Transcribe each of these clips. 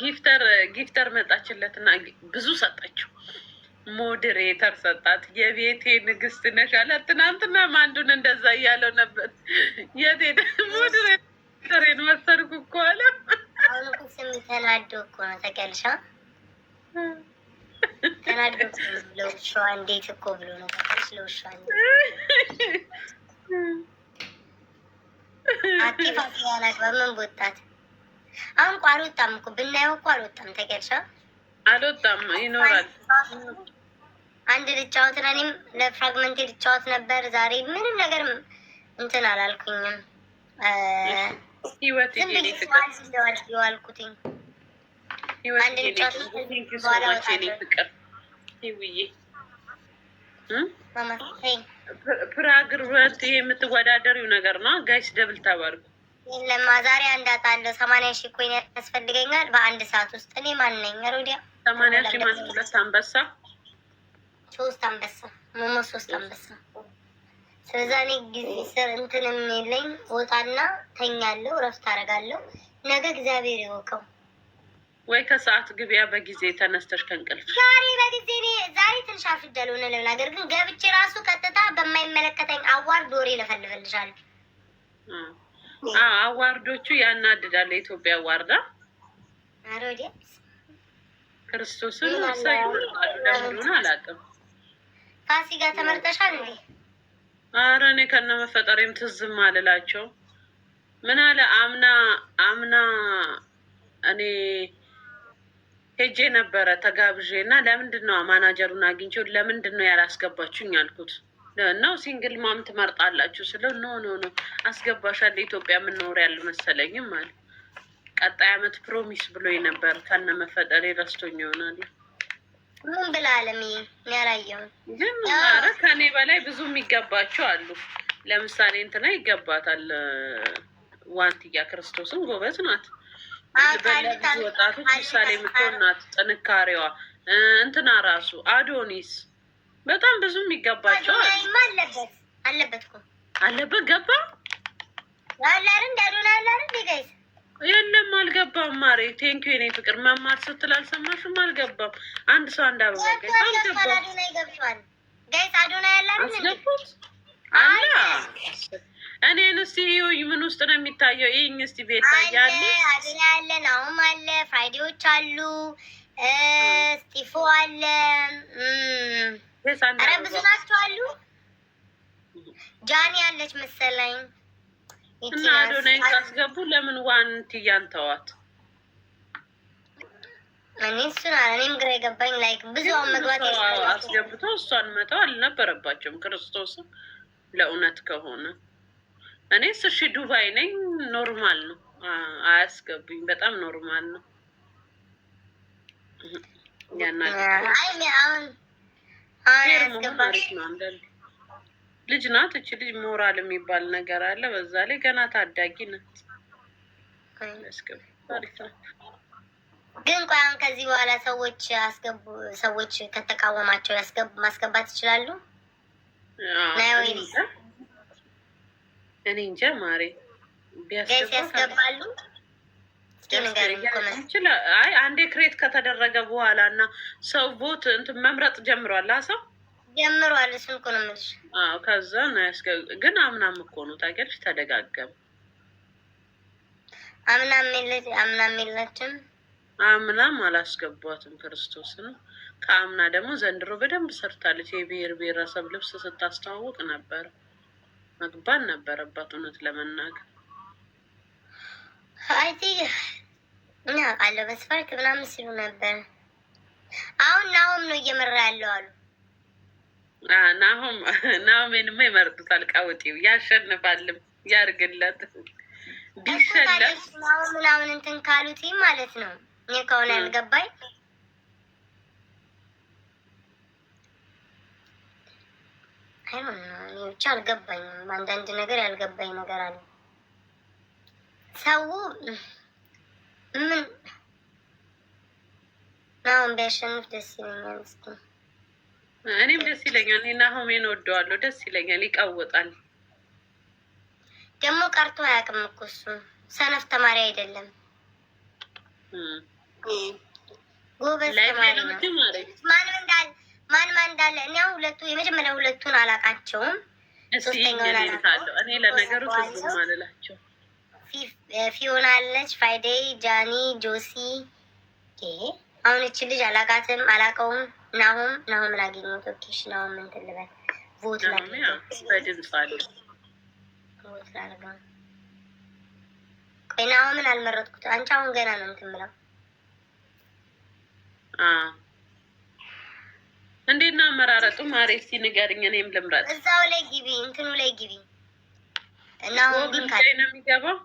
ጊፍተር ጊፍተር መጣችለት እና ብዙ ሰጣችው። ሞዴሬተር ሰጣት። የቤቴ ንግስት ነሽ አለ። ትናንትና አንዱን እንደዛ እያለው ነበር። የቴ ሞዴሬተሬን መሰድኩ እኮ አለ። ተናዶ እኮ ነው ተቀልሻ ተናዶ ለውሻ እንዴት እኮ ብሎ ነው ተቀልሽ ለውሻ አኪፋ ሲያናግባ ምን ቦታት አሁን እኮ አልወጣም እኮ ብናየው እኮ አልወጣም። ተገርሻ አልወጣም ይኖራል። አንድ ልጫወት ነው። እኔም ልጫወት ነበር ዛሬ ምንም ነገር እንትን አላልኩኝም። ዝም ዋልኩትኝ አንድ ልጫወት በኋላ ወጣለሁ። የምትወዳደሪው ነገር ነው ጋይስ ደብል ታባርኩ የለማ ዛሬ አንድ አጣለሁ። ሰማንያ ሺህ ኮይን ያስፈልገኛል በአንድ ሰዓት ውስጥ። እኔ ማን ነኝ? ሮዲያ ሰማንያ ሺህ ማለት ሁለት አንበሳ ሶስት አንበሳ ሞሞ ሶስት አንበሳ። ስለዛ እኔ ጊዜ ስር እንትንም የለኝ ወጣና ተኛለሁ፣ እረፍት አደርጋለሁ። ነገ እግዚአብሔር ይወቀው። ወይ ከሰዓት ግቢያ በጊዜ ተነስተሽ ከእንቅልፍ ዛሬ በጊዜ ዛሬ ትንሽ አፍጃለሁ። ሆነ ለምን ነገር ግን ገብቼ ራሱ ቀጥታ በማይመለከተኝ አዋር ዶሬ ለፈልፈልሻለሁ አዋርዶቹ ያናድዳል። ኢትዮጵያ አዋርዳ ክርስቶስን ሳይሆን አላውቅም። ጋር ተመርጠሻል እንዴ? አረ እኔ ከነ መፈጠሬም ትዝም አልላቸው። ምን አለ አምና አምና እኔ ሄጄ ነበረ ተጋብዤ እና ለምንድን ነው ማናጀሩን አግኝቼው ለምንድን ነው ያላስገባችሁኝ አልኩት። ነው ሲንግል ማም ትመርጣላችሁ ስለ ኖ ኖ ኖ አስገባሻል ኢትዮጵያ የምንኖር ያለ መሰለኝም አለ። ቀጣይ አመት ፕሮሚስ ብሎ ነበር ከነ መፈጠር ረስቶኝ ይሆናል። ምን ብላለሚ ያላየው ግን ኧረ ከኔ በላይ ብዙ የሚገባቸው አሉ። ለምሳሌ እንትና ይገባታል ዋንትያ ክርስቶስን ጎበዝ ናት። ወጣቶች ምሳሌ የምትሆን ናት። ጥንካሬዋ እንትና ራሱ አዶኒስ በጣም ብዙ የሚገባቸው አለበት አለበት እኮ አለበት ገባ የለም አልገባም። ማሬ ቴንኪ ኔ ፍቅር መማር ስትል አልሰማሽም? አልገባም። አንድ ሰው አንድ አበባ አስገቡት እኔን እስቲ ምን ውስጥ ነው የሚታየው? ይህኝ እስቲ ቤት ታያለ። አዱና ያለ ናሁም አለ፣ ፍራይዴዎች አሉ፣ ስቲፎ አለ ኧረ ብዙ ናቸው አሉ። ጃኒ ያለች መሰለኝ። እና አዶናይ ካስገቡ ለምን ዋን ትያን ተዋት? እኔ እሱን እኔም ግራ የገባኝ ላይክ ብዙ መግባት አስገብቶ እሷን መተው አልነበረባቸውም። ክርስቶስም ለእውነት ከሆነ እኔስ እሺ ዱባይ ነኝ ኖርማል ነው፣ አያስገቡኝ በጣም ኖርማል ነው። ያናል ልጅ ናት እች ልጅ ሞራል የሚባል ነገር አለ። በዛ ላይ ገና ታዳጊ ናት። ግን ቆያን ከዚህ በኋላ ሰዎች አስገቡ ሰዎች ከተቃወማቸው ማስገባት ይችላሉ። እኔ እንጃ ማሬ ያስገባሉ አይ አንዴ ክሬት ከተደረገ በኋላ እና ሰው ቦት እንትን መምረጥ ጀምሯል። አሰው ጀምሯል። እሱን ነው የምልሽ። አዎ ከዛ ነው ያስገ ግን አምናም እኮ ነው ታውቂያለሽ፣ ተደጋገም አምናም የለት አምናም የለችም። አምናም አላስገቧትም ክርስቶስን። ከአምና ደግሞ ዘንድሮ በደንብ ሰርታለች። የብሔር ብሔረሰብ ልብስ ስታስተዋውቅ ነበር። መግባን ነበረባት እውነት ለመናገር አይ እኛ አውቃለሁ በስፋርክ ምናምን ሲሉ ነበር። አሁን ናሆም ነው እየመራ ያለው አሉ። ናሆም ናሆሜንማ ይመርጡታል። ቃውጢው ያሸንፋልም ያርግለት ቢሸነፍ ምናምን እንትን ካሉት ማለት ነው። እኔ ከሆነ ያልገባኝ አይሆን ብቻ አልገባኝም። አንዳንድ ነገር ያልገባኝ ነገር አለ ሰው ምን አሁን ቢያሸንፍ ደስ ይለኛል። እስኪ እኔም ደስ ይለኛል። እኔ ናሆሜን ወደዋለሁ፣ ደስ ይለኛል። ይቃወጣል ደግሞ ቀርቶ አያውቅም እኮ እሱ ሰነፍ ተማሪ አይደለም፣ ጎበዝ ተማሪ ነው። ማንም እንዳለ እንዳለ እኔ ሁለቱ የመጀመሪያ ሁለቱን አላውቃቸውም። እኔ ለነገሩ ትዝም አልላቸው ፊዮና አለች፣ ፋይዴይ፣ ጃኒ፣ ጆሲ። አሁን እች ልጅ አላቃትም አላቀውም። ናሁም ናሁም ላገኘ ቶኬሽ እሺ፣ ናሁም እንትን ልበል፣ ቮት ላድርገው። ቆይ ናሁምን አልመረጥኩት። አንቺ አሁን ገና ነው እንትን ብለው እንዴት ነው አመራረጡ? ማሬ እስኪ ንገሪኝ፣ እኔም ልምረጥ። እዛው ላይ ግቢ፣ እንትኑ ላይ ግቢ እና አሁን ግን ነው የሚገባው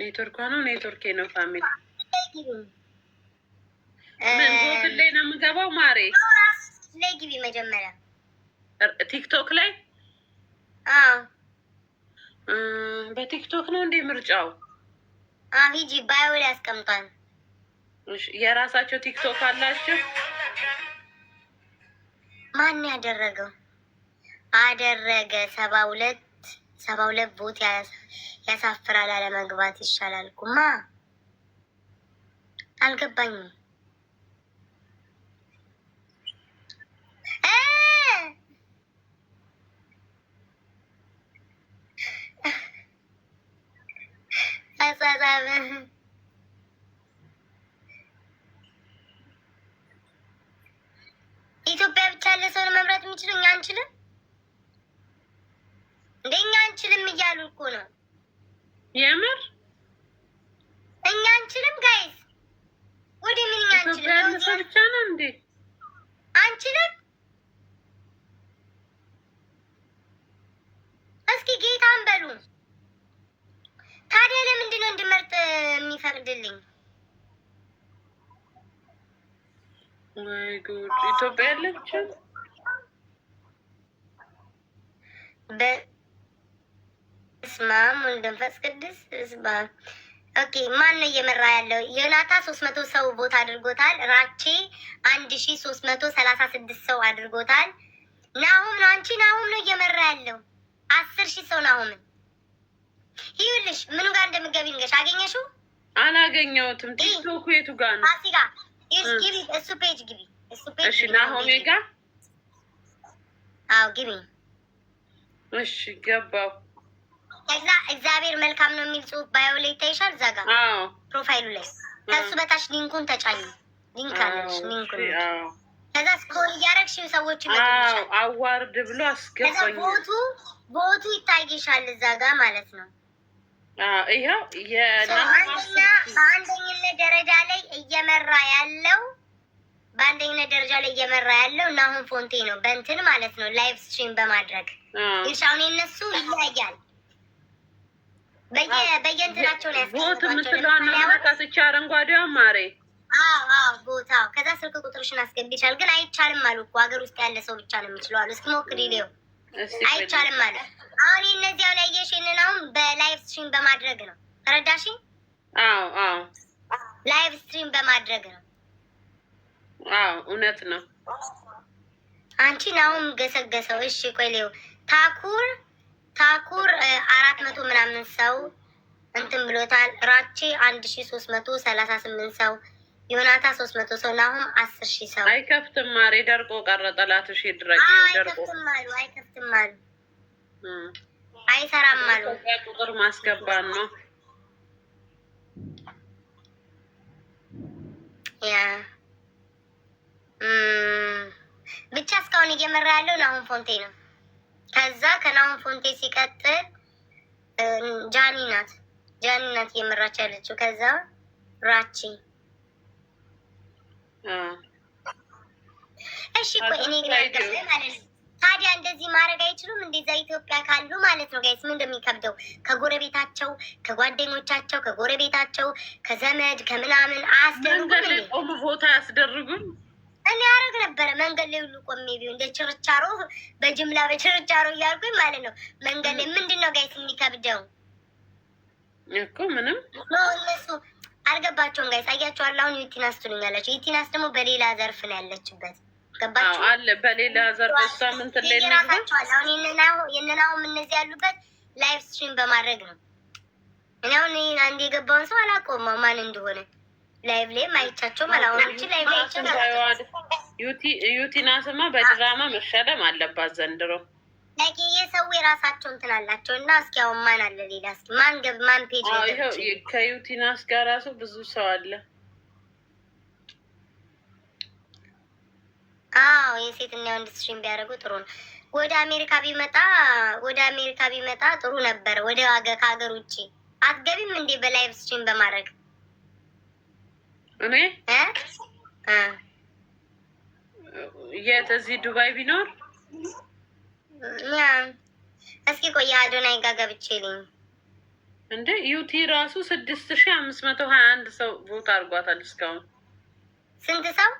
ኔትወርኳ ነው ኔትወርኬ ነው። ፋሚሊ ምን ጎግል ላይ ነው የምገባው? ማሬ ላይ ግቢ መጀመሪያ ቲክቶክ ላይ በቲክቶክ ነው እንዴ ምርጫው? ሂጂ ባዮ ላይ አስቀምጧል የራሳቸው ቲክቶክ አላቸው። ማን ያደረገው አደረገ ሰባ ሁለት ሰባ ሁለት ቦት ያሳፍራል። አለመግባት ይሻላል። ኩማ አልገባኝም። ኢትዮጵያ ብቻ ለሰውን መምራት የሚችለው እኛ አንችልም። አንችልም ጋይዝ ወደ ምንኛ አንችልም ብቻ ነው እንዴ አንችልም። እስኪ ጌታን በሉ። ታዲያ ለምንድን ነው እንድመርጥ የሚፈቅድልኝ? ወይ ጉድ! ኢትዮጵያ ያለች በስመ አብ ወወልድ ወመንፈስ ቅዱስ ኦኬ ማን ነው እየመራ ያለው? ዮናታ ሶስት መቶ ሰው ቦታ አድርጎታል። ራቼ አንድ ሺ ሶስት መቶ ሰላሳ ስድስት ሰው አድርጎታል። ናሁም ነው አንቺ ናሁም ነው እየመራ ያለው አስር ሺ ሰው ናሁምን ይኸውልሽ፣ ምኑ ጋር እንደምገቢ ንገሽ። አገኘሽው? አላገኘሁትም። ቲክቶክ የቱ ጋር ነው? ፋሲካ ግቢ፣ እሱ ፔጅ ግቢ፣ እሱ ፔጅ እሺ፣ ናሆሜ ጋ አዎ፣ ግቢ። እሺ ገባሁ ከዛ እግዚአብሔር መልካም ነው የሚል ጽሁፍ ባዮ ላይ ይታይሻል። እዛ ጋር ፕሮፋይሉ ላይ ከሱ በታች ሊንኩን ተጫኝ። ሊንክ አለች ሊንኩን ከዛ ስክሮል እያረግሽ ሰዎች አዋርድ ብሎ አስገባኝ። ቦቱ ቦቱ ይታይሻል እዛ ጋ ማለት ነው። ይኸው በአንደኝነት ደረጃ ላይ እየመራ ያለው በአንደኝነት ደረጃ ላይ እየመራ ያለው እና አሁን ፎንቴ ነው በእንትን ማለት ነው ላይቭ ስትሪም በማድረግ ይርሻውን የነሱ ይለያያል በየእንትናቸው ላይ ቦት የምትለዋን ካስቻ አረንጓዴዋ ከዛ ስልክ ቁጥርሽን አስገቢ ይቻል ግን አይቻልም አሉ እኮ ሀገር ውስጥ ያለ ሰው ብቻ ነው የሚችለው አሉ። እስኪ ሞክሪ ሌው አይቻልም አለ። አሁን እነዚያው ላይ የሽንን አሁን በላይቭ ስትሪም በማድረግ ነው ተረዳሽኝ? አዎ አዎ፣ ላይቭ ስትሪም በማድረግ ነው። አዎ እውነት ነው። አንቺን አሁን ገሰገሰው። እሺ ቆይ ሌው ታኩር ታኩር አራት መቶ ምናምን ሰው እንትን ብሎታል። ራቼ አንድ ሺ ሶስት መቶ ሰላሳ ስምንት ሰው ዮናታ ሶስት መቶ ሰው ናሁም አስር ሺ ሰው አይከፍትም። ማሪ ደርቆ ቀረ። ጠላት ሺ ድረቅ አይከፍትም አሉ አይከፍትም አሉ አይሰራም አሉ። ቁጥር ማስገባት ነው ያ ብቻ እስካሁን እየመራ ያለው ናሁም ፎንቴ ነው። ከዛ ከናሁን ፎንቴ ሲቀጥል ጃኒ ናት። ጃኒ ናት እየመራች ያለችው። ከዛ ራቺ እሺ ቆይ እኔ ግን ታዲያ እንደዚህ ማድረግ አይችሉም? እንደዛ ኢትዮጵያ ካሉ ማለት ነው ጋይስ ምን እንደሚከብደው ከጎረቤታቸው፣ ከጓደኞቻቸው፣ ከጎረቤታቸው፣ ከዘመድ ከምናምን አያስደርጉም። ቦታ አያስደርጉም እኔ አረግ ነበረ መንገድ ላይ ሁሉ ቆሜ ቢሆን እንደ ችርቻሮ በጅምላ በችርቻሮ እያልኩኝ ማለት ነው። መንገድ ላይ ምንድን ነው ጋይስ የሚከብደው እኮ ምንም እነሱ አልገባቸውም ጋይስ። አያቸዋለሁ። አሁን ዩቲናስ ትሉኛላቸው። ዩቲናስ ደግሞ በሌላ ዘርፍ ነው ያለችበት። ገባቸው አለ በሌላ ዘርፍ እሷ ምን ትለይናቸዋል። የነናሁም እነዚህ ያሉበት ላይፍ ስትሪም በማድረግ ነው። እኔ አሁን አንድ የገባውን ሰው አላቆማው ማን እንደሆነ ላይቭ ላይ ማይቻቸው መላወሮች ላይቭ ላይ በድራማ መሸለም አለባት ዘንድሮ። ነገ የሰው የራሳቸው እንትን አላቸው እና እስኪ አሁን ማን አለ ሌላ እስኪ ማን ገብ ማን ፔጅ ከዩቲናስ ጋር ራሱ ብዙ ሰው አለ። አዎ የወንድ ስትሪም ቢያደርጉ ጥሩ ነው። ወደ አሜሪካ ቢመጣ ወደ አሜሪካ ቢመጣ ጥሩ ነበር። ወደ ከሀገር ውጭ አትገቢም እንዴ በላይቭ ስትሪም በማድረግ እኔ የት እዚህ ዱባይ ቢኖር እስኪ ቆይ አዶናይ ጋር ገብቼ ልኝ እንደ ዩቲ ራሱ ስድስት ሺህ አምስት መቶ ሀያ አንድ ሰው ቦታ አድርጓታል። እስካሁን ስንት ሰው